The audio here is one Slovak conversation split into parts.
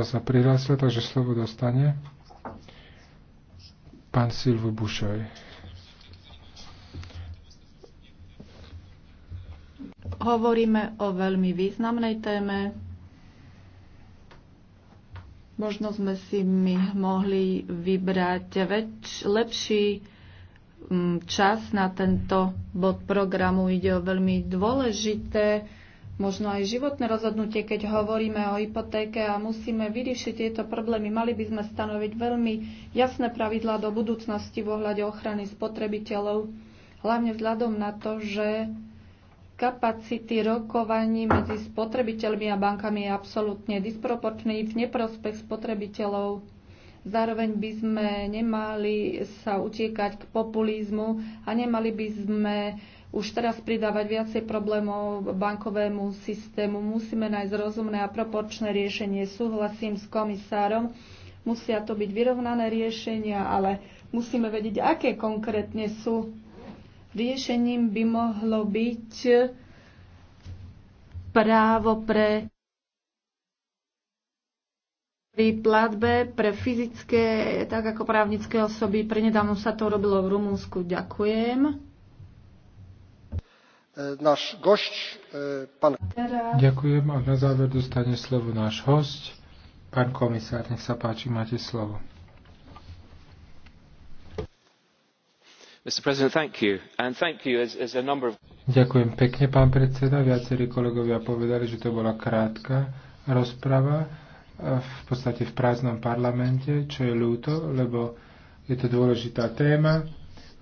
sa prihlásil, takže slovo dostane pán Silvo Bušoj. Hovoríme o veľmi významnej téme. Možno sme si my mohli vybrať väč- lepší mm, čas na tento bod programu. Ide o veľmi dôležité možno aj životné rozhodnutie, keď hovoríme o hypotéke a musíme vyriešiť tieto problémy. Mali by sme stanoviť veľmi jasné pravidlá do budúcnosti v ohľade ochrany spotrebiteľov, hlavne vzhľadom na to, že kapacity rokovaní medzi spotrebiteľmi a bankami je absolútne disproporčný v neprospech spotrebiteľov. Zároveň by sme nemali sa utiekať k populizmu a nemali by sme už teraz pridávať viacej problémov bankovému systému. Musíme nájsť rozumné a proporčné riešenie. Súhlasím s komisárom. Musia to byť vyrovnané riešenia, ale musíme vedieť, aké konkrétne sú. Riešením by mohlo byť právo pre pri platbe pre fyzické, tak ako právnické osoby. Prenedávno sa to robilo v Rumúnsku. Ďakujem. E, náš gošť, e, pán... Ďakujem a na záver dostane slovo náš host. Pán komisár, nech sa páči, máte slovo. Ďakujem pekne, pán predseda. Viacerí kolegovia povedali, že to bola krátka rozprava e, v podstate v prázdnom parlamente, čo je ľúto, lebo je to dôležitá téma.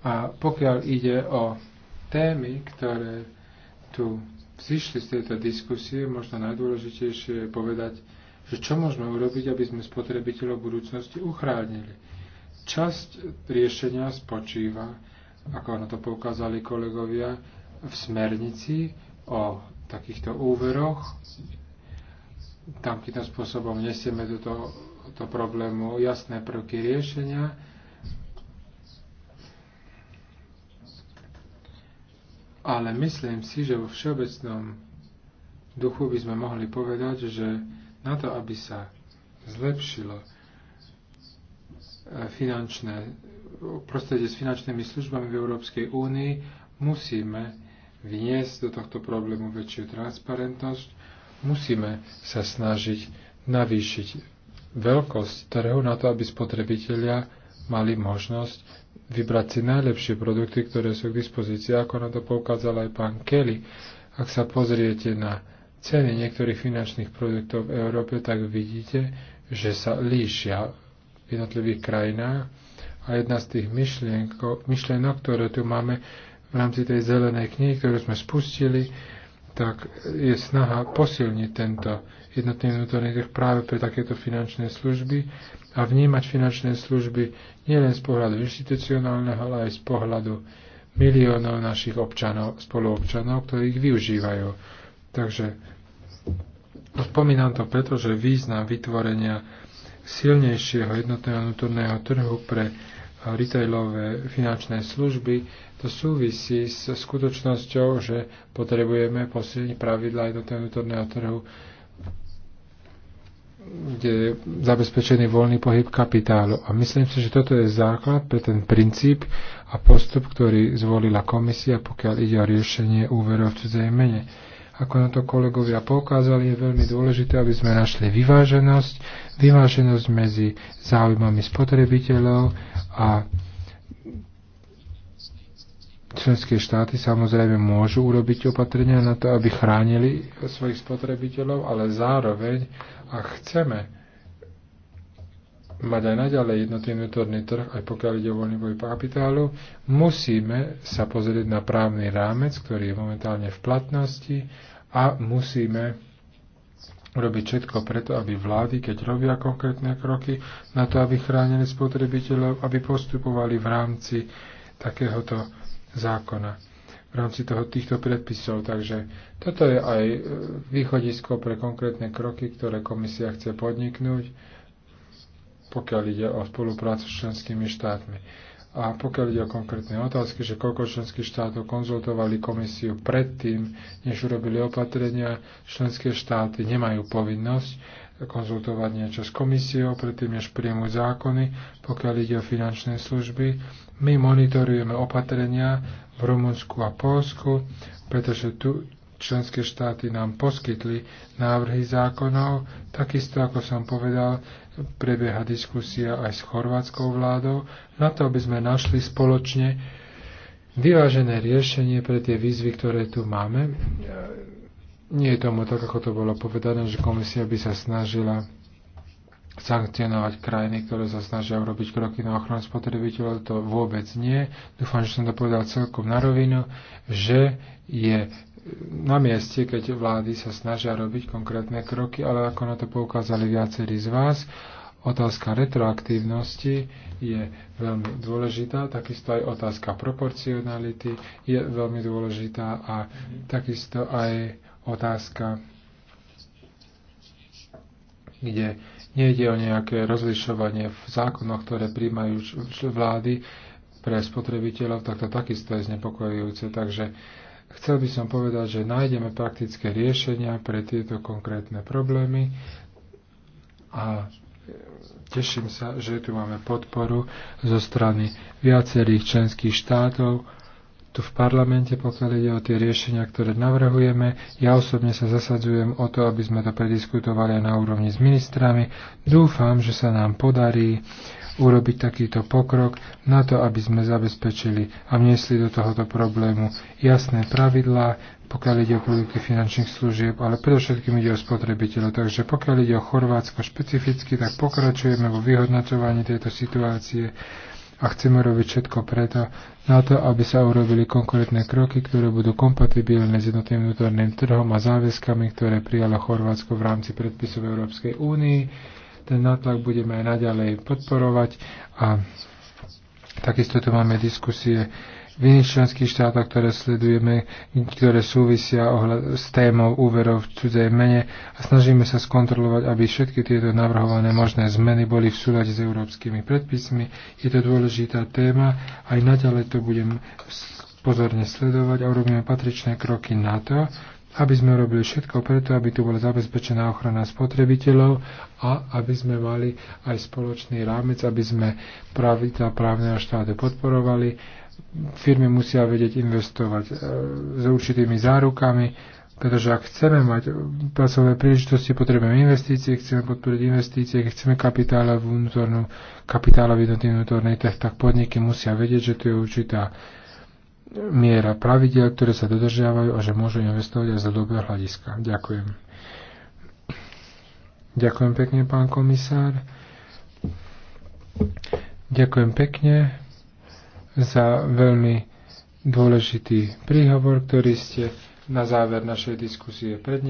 A pokiaľ ide o Témy, ktoré tu vzýšli z tejto diskusie, možno najdôležitejšie je povedať, že čo môžeme urobiť, aby sme spotrebiteľov budúcnosti uchránili. Časť riešenia spočíva, ako na to poukázali kolegovia, v smernici o takýchto úveroch. Tam spôsobom nesieme do tohto problému jasné prvky riešenia Ale myslím si, že vo všeobecnom duchu by sme mohli povedať, že na to, aby sa zlepšilo e, finančné, prostredie s finančnými službami v Európskej únii, musíme vniesť do tohto problému väčšiu transparentnosť, musíme sa snažiť navýšiť veľkosť trhu na to, aby spotrebitelia mali možnosť vybrať si najlepšie produkty, ktoré sú k dispozícii, ako na to poukázal aj pán Kelly. Ak sa pozriete na ceny niektorých finančných produktov v Európe, tak vidíte, že sa líšia v jednotlivých krajinách a jedna z tých myšlienok, ktoré tu máme v rámci tej zelenej knihy, ktorú sme spustili, tak je snaha posilniť tento jednotný vnútorný trh práve pre takéto finančné služby a vnímať finančné služby nielen z pohľadu inštitucionálneho, ale aj z pohľadu miliónov našich občanov, spoluobčanov, ktorí ich využívajú. Takže spomínam to preto, že význam vytvorenia silnejšieho jednotného vnútorného trhu pre retailové finančné služby, to súvisí s skutočnosťou, že potrebujeme posilniť pravidla aj do toho vnútorného trhu, kde je zabezpečený voľný pohyb kapitálu. A myslím si, že toto je základ pre ten princíp a postup, ktorý zvolila komisia, pokiaľ ide o riešenie úverov v cudzej mene. Ako na to kolegovia poukázali, je veľmi dôležité, aby sme našli vyváženosť, vyváženosť medzi záujmami spotrebiteľov a členské štáty samozrejme môžu urobiť opatrenia na to, aby chránili svojich spotrebiteľov, ale zároveň, ak chceme mať aj naďalej jednotný vnútorný trh, aj pokiaľ ide o voľný boj kapitálu, musíme sa pozrieť na právny rámec, ktorý je momentálne v platnosti a musíme robiť všetko preto, aby vlády, keď robia konkrétne kroky na to, aby chránili spotrebiteľov, aby postupovali v rámci takéhoto zákona v rámci toho, týchto predpisov. Takže toto je aj e, východisko pre konkrétne kroky, ktoré komisia chce podniknúť pokiaľ ide o spoluprácu s členskými štátmi. A pokiaľ ide o konkrétne otázky, že koľko členských štátov konzultovali komisiu predtým, než urobili opatrenia, členské štáty nemajú povinnosť konzultovať niečo s komisiou predtým, než príjmu zákony, pokiaľ ide o finančné služby. My monitorujeme opatrenia v Rumunsku a Polsku, pretože tu členské štáty nám poskytli návrhy zákonov. Takisto, ako som povedal, prebieha diskusia aj s chorvátskou vládou na to, aby sme našli spoločne vyvážené riešenie pre tie výzvy, ktoré tu máme. Nie je tomu tak, ako to bolo povedané, že komisia by sa snažila sankcionovať krajiny, ktoré sa snažia urobiť kroky na ochranu spotrebiteľov, to vôbec nie. Dúfam, že som to povedal celkom na rovinu, že je na mieste, keď vlády sa snažia robiť konkrétne kroky, ale ako na to poukázali viacerí z vás, otázka retroaktívnosti je veľmi dôležitá, takisto aj otázka proporcionality je veľmi dôležitá a takisto aj otázka, kde nejde o nejaké rozlišovanie v zákonoch, ktoré príjmajú vlády pre spotrebiteľov, tak to takisto je znepokojujúce. Takže Chcel by som povedať, že nájdeme praktické riešenia pre tieto konkrétne problémy a teším sa, že tu máme podporu zo strany viacerých členských štátov tu v parlamente, pokiaľ ide o tie riešenia, ktoré navrhujeme. Ja osobne sa zasadzujem o to, aby sme to prediskutovali aj na úrovni s ministrami. Dúfam, že sa nám podarí uh, urobiť takýto pokrok na to, aby sme zabezpečili a vniesli do tohoto problému jasné pravidlá, pokiaľ ide o produkty finančných služieb, ale predovšetkým ide o spotrebiteľov. Takže pokiaľ ide o Chorvátsko špecificky, tak pokračujeme vo vyhodnocovaní tejto situácie a chceme robiť všetko preto, na to, aby sa urobili konkrétne kroky, ktoré budú kompatibilné s jednotným vnútorným trhom a záväzkami, ktoré prijalo Chorvátsko v rámci predpisov Európskej únii ten nátlak budeme aj naďalej podporovať a takisto tu máme diskusie v iných členských štátoch, ktoré sledujeme, ktoré súvisia s témou úverov v cudzej mene a snažíme sa skontrolovať, aby všetky tieto navrhované možné zmeny boli v súlade s európskymi predpismi. Je to dôležitá téma, aj naďalej to budem pozorne sledovať a urobíme patričné kroky na to, aby sme robili všetko preto, aby tu bola zabezpečená ochrana spotrebiteľov a aby sme mali aj spoločný rámec, aby sme pravidla právneho štátu podporovali. Firmy musia vedieť investovať e, s určitými zárukami, pretože ak chceme mať pracovné príležitosti, potrebujeme investície, chceme podporiť investície, keď chceme kapitála v vnútornú, kapitála v tak podniky musia vedieť, že tu je určitá miera pravidel, ktoré sa dodržiavajú a že môžu investovať aj z dlhodobého hľadiska. Ďakujem. Ďakujem pekne, pán komisár. Ďakujem pekne za veľmi dôležitý príhovor, ktorý ste na záver našej diskusie predniesli.